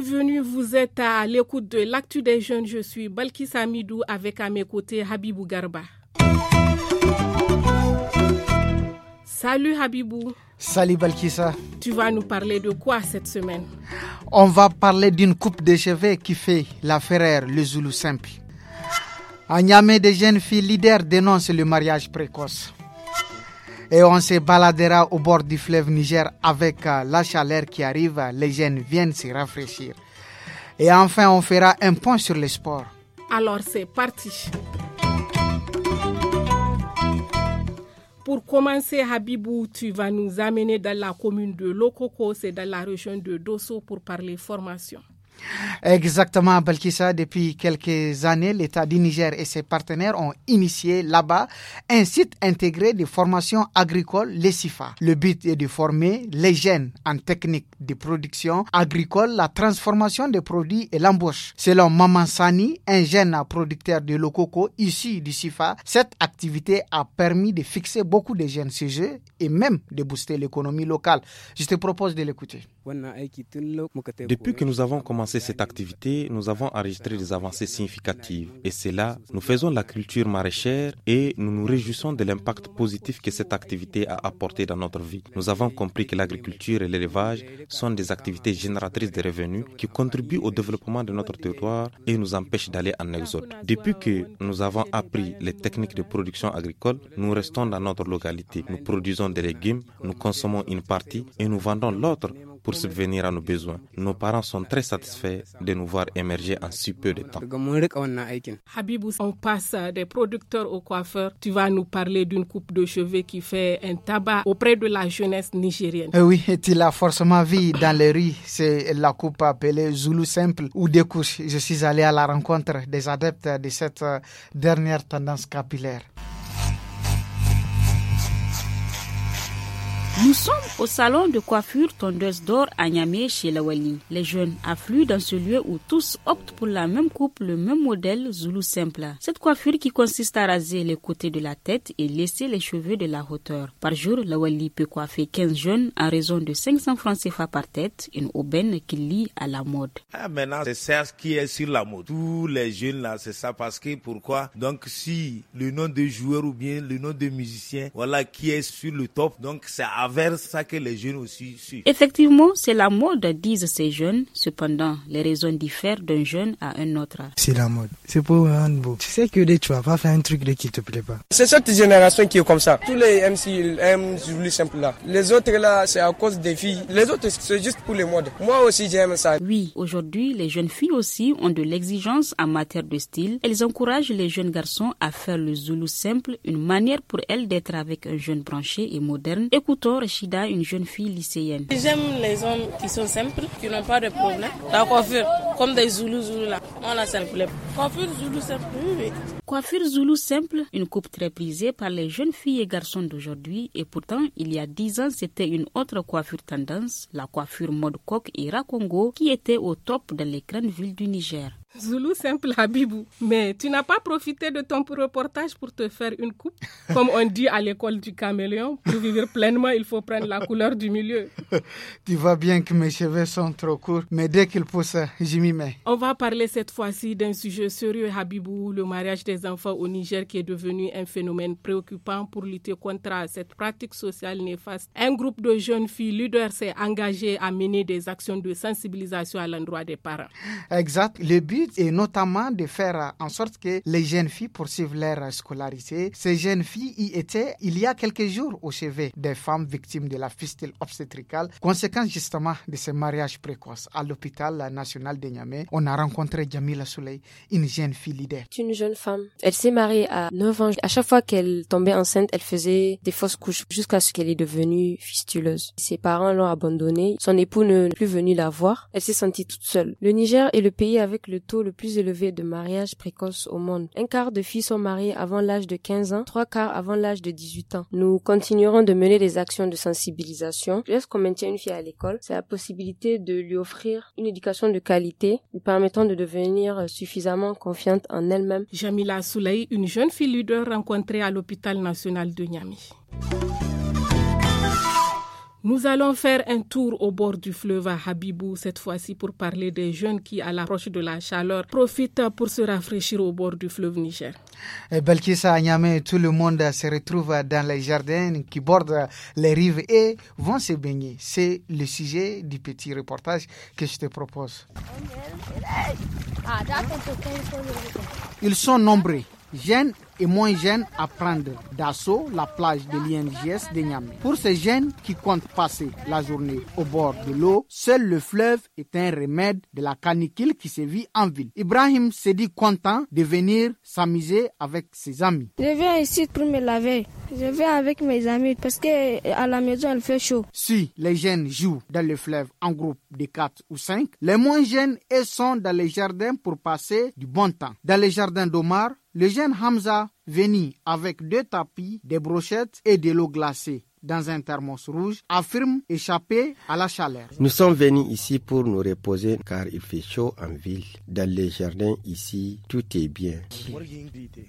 bienvenue, vous êtes à l'écoute de l'actu des jeunes. Je suis Balkissa Amidou avec à mes côtés Habibou Garba. Salut Habibou. Salut Balkissa. Tu vas nous parler de quoi cette semaine On va parler d'une coupe de chevet qui fait la ferrère, le Zoulou simple. À Niamey, des jeunes filles leaders dénoncent le mariage précoce et on se baladera au bord du fleuve Niger avec euh, la chaleur qui arrive. Les jeunes viennent se rafraîchir. Et enfin, on fera un point sur le sport. Alors, c'est parti. Pour commencer, Habibou, tu vas nous amener dans la commune de Lokoko, et dans la région de Dosso pour parler formation. Exactement, Balkissa. Depuis quelques années, l'État du Niger et ses partenaires ont initié là-bas un site intégré de formation agricole, les CIFA. Le but est de former les jeunes en technique des productions agricoles, la transformation des produits et l'embauche. Selon Maman Sani, un jeune producteur de lococo issu du Sifa, cette activité a permis de fixer beaucoup de jeunes sujets et même de booster l'économie locale. Je te propose de l'écouter. Depuis que nous avons commencé cette activité, nous avons enregistré des avancées significatives. Et c'est là, nous faisons la culture maraîchère et nous nous réjouissons de l'impact positif que cette activité a apporté dans notre vie. Nous avons compris que l'agriculture et l'élevage sont des activités génératrices de revenus qui contribuent au développement de notre territoire et nous empêchent d'aller en exode. Depuis que nous avons appris les techniques de production agricole, nous restons dans notre localité. Nous produisons des légumes, nous consommons une partie et nous vendons l'autre pour subvenir à nos besoins. Nos parents sont très satisfaits de nous voir émerger en si peu de temps. Habibou, on passe des producteurs aux coiffeurs. Tu vas nous parler d'une coupe de cheveux qui fait un tabac auprès de la jeunesse nigérienne. Eh oui, et il a forcément vu dans les rues, c'est la coupe appelée Zulu Simple ou des couches. Je suis allé à la rencontre des adeptes de cette euh, dernière tendance capillaire. Nous sommes au salon de coiffure tondeuse d'or à Niamey chez Lawali. Les jeunes affluent dans ce lieu où tous optent pour la même coupe, le même modèle Zulu simple. Cette coiffure qui consiste à raser les côtés de la tête et laisser les cheveux de la hauteur. Par jour, Lawali peut coiffer 15 jeunes à raison de 500 francs CFA par tête, une aubaine qui lie à la mode. Ah, maintenant, c'est ça qui est sur la mode. Tous les jeunes là, c'est ça parce que pourquoi? Donc, si le nom de joueur ou bien le nom de musicien, voilà qui est sur le top, donc c'est à vers ça que les jeunes aussi suivent. Effectivement, c'est la mode, disent ces jeunes. Cependant, les raisons diffèrent d'un jeune à un autre. C'est la mode. C'est pour un beau. Tu sais que tu vas pas faire un truc dès qui te plaît pas. C'est cette génération qui est comme ça. Tous les MC, aiment le simple là. Les autres là, c'est à cause des filles. Les autres, c'est juste pour les modes. Moi aussi, j'aime ça. Oui, aujourd'hui, les jeunes filles aussi ont de l'exigence en matière de style. Elles encouragent les jeunes garçons à faire le Zulu simple, une manière pour elles d'être avec un jeune branché et moderne. Écoutons shida une jeune fille lycéenne. J'aime les hommes qui sont simples, qui n'ont pas de problème. La coiffure, comme des Zoulous Zoulous là, on la simple. Coiffure Zoulou simple, oui, oui. Coiffure Zoulou simple, une coupe très prisée par les jeunes filles et garçons d'aujourd'hui. Et pourtant, il y a dix ans, c'était une autre coiffure tendance, la coiffure mode coque et Congo, qui était au top dans les grandes villes du Niger. Zoulou simple Habibou, mais tu n'as pas profité de ton reportage pour te faire une coupe. Comme on dit à l'école du caméléon, pour vivre pleinement, il faut prendre la couleur du milieu. tu vois bien que mes cheveux sont trop courts, mais dès qu'ils poussent, j'y m'y mets. On va parler cette fois-ci d'un sujet sérieux, Habibou, le mariage des enfants au Niger qui est devenu un phénomène préoccupant pour lutter contre cette pratique sociale néfaste. Un groupe de jeunes filles leaders s'est engagé à mener des actions de sensibilisation à l'endroit des parents. Exact. Le but et notamment de faire en sorte que les jeunes filles poursuivent leur scolarité. Ces jeunes filles y étaient il y a quelques jours au chevet des femmes victimes de la fistule obstétricale, conséquence justement de ces mariages précoces. À l'hôpital national de Niamey, on a rencontré Jamila Soleil, une jeune fille leader. Une jeune femme. Elle s'est mariée à 9 ans. À chaque fois qu'elle tombait enceinte, elle faisait des fausses couches jusqu'à ce qu'elle est devenue fistuleuse. Ses parents l'ont abandonnée. Son époux ne plus venu la voir. Elle s'est sentie toute seule. Le Niger est le pays avec le le plus élevé de mariage précoce au monde. Un quart de filles sont mariées avant l'âge de 15 ans, trois quarts avant l'âge de 18 ans. Nous continuerons de mener des actions de sensibilisation. Lorsqu'on maintient une fille à l'école, c'est la possibilité de lui offrir une éducation de qualité, lui permettant de devenir suffisamment confiante en elle-même. Jamila Souley, une jeune fille leader rencontrée à l'hôpital national de Niamey. Nous allons faire un tour au bord du fleuve à Habibou, cette fois-ci pour parler des jeunes qui, à l'approche de la chaleur, profitent pour se rafraîchir au bord du fleuve Niger. Et eh, Belkissa tout le monde se retrouve dans les jardins qui bordent les rives et vont se baigner. C'est le sujet du petit reportage que je te propose. Ah, Ils sont nombreux, jeunes et moins jeunes à prendre d'assaut la plage de l'INGS de Niamey. Pour ces jeunes qui comptent passer la journée au bord de l'eau, seul le fleuve est un remède de la canicule qui se vit en ville. Ibrahim s'est dit content de venir s'amuser avec ses amis. Je viens ici pour me laver. Je viens avec mes amis parce que à la maison il fait chaud. Si les jeunes jouent dans le fleuve en groupe de 4 ou 5, les moins jeunes et sont dans les jardins pour passer du bon temps. Dans les jardins d'Omar, le jeune Hamza venu avec deux tapis, des brochettes et de l'eau glacée dans un thermos rouge, affirme échapper à la chaleur. Nous sommes venus ici pour nous reposer car il fait chaud en ville. Dans les jardins ici, tout est bien.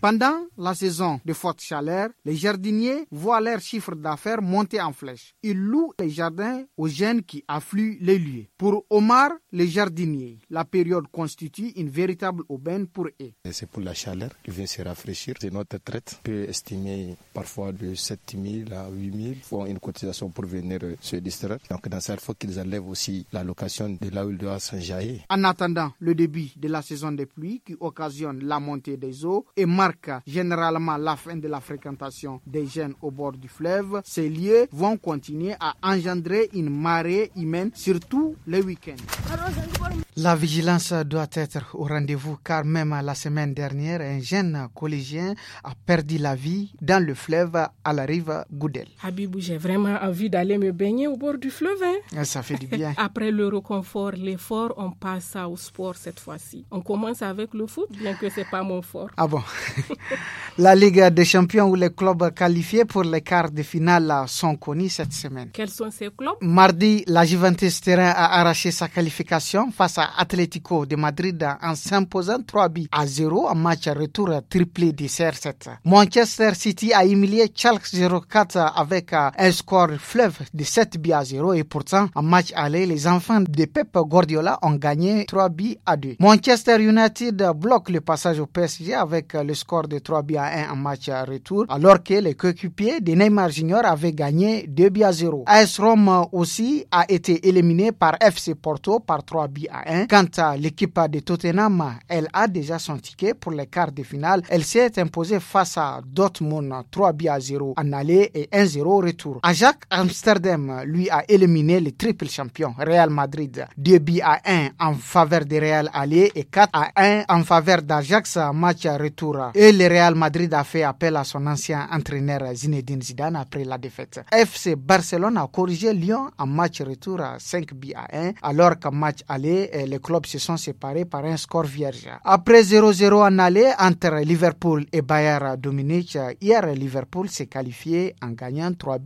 Pendant la saison de forte chaleur, les jardiniers voient leur chiffre d'affaires monter en flèche. Ils louent les jardins aux jeunes qui affluent les lieux. Pour Omar, les jardiniers, la période constitue une véritable aubaine pour eux. C'est pour la chaleur qui vient se rafraîchir. C'est notre traite. On peut estimer parfois de 7 000 à 8 000 font une cotisation pour venir se distraire. Donc dans cette il qu'ils enlèvent aussi la location de là où ils doivent s'enjailler. En attendant le début de la saison des pluies qui occasionne la montée des eaux et marque généralement la fin de la fréquentation des jeunes au bord du fleuve, ces lieux vont continuer à engendrer une marée humaine, surtout le week end La vigilance doit être au rendez-vous car même la semaine dernière, un jeune collégien a perdu la vie dans le fleuve à la rive Goudel j'ai vraiment envie d'aller me baigner au bord du fleuve. Hein. Ah, ça fait du bien. Après le reconfort, l'effort, on passe au sport cette fois-ci. On commence avec le foot, bien que ce n'est pas mon fort. Ah bon La Ligue des champions où les clubs qualifiés pour les quarts de finale sont connus cette semaine. Quels sont ces clubs Mardi, la Juventus Terrain a arraché sa qualification face à Atlético de Madrid en s'imposant 3 buts à 0 en match retour triplé de CR7. Manchester City a humilié Chalk 4 avec un score fleuve de 7 à 0 et pourtant, en match aller, les enfants de Pep Guardiola ont gagné 3 à 2. Manchester United bloque le passage au PSG avec le score de 3 à 1 en match retour, alors que les coéquipiers de Neymar Junior avaient gagné 2 à 0. AS Rome aussi a été éliminé par FC Porto par 3 à 1. Quant à l'équipe de Tottenham, elle a déjà son ticket pour les quarts de finale. Elle s'est imposée face à Dortmund 3 à 0 en aller et 1-0 retour. Ajax Amsterdam, lui, a éliminé le triple champion Real Madrid. 2 buts à 1 en faveur de Real Alliés et 4 à 1 en faveur d'Ajax match retour. Et le Real Madrid a fait appel à son ancien entraîneur Zinedine Zidane après la défaite. FC Barcelone a corrigé Lyon en match retour à 5 buts à 1 alors qu'en match aller, les clubs se sont séparés par un score vierge. Après 0-0 en aller entre Liverpool et Bayern Dominique, hier Liverpool s'est qualifié en gagnant 3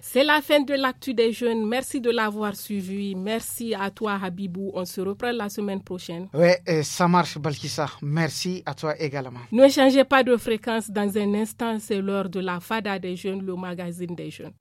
c'est la fin de l'actu des jeunes. Merci de l'avoir suivi. Merci à toi, Habibou. On se reprend la semaine prochaine. Oui, euh, ça marche, Balkissa. Merci à toi également. Ne changez pas de fréquence. Dans un instant, c'est l'heure de la FADA des jeunes, le magazine des jeunes.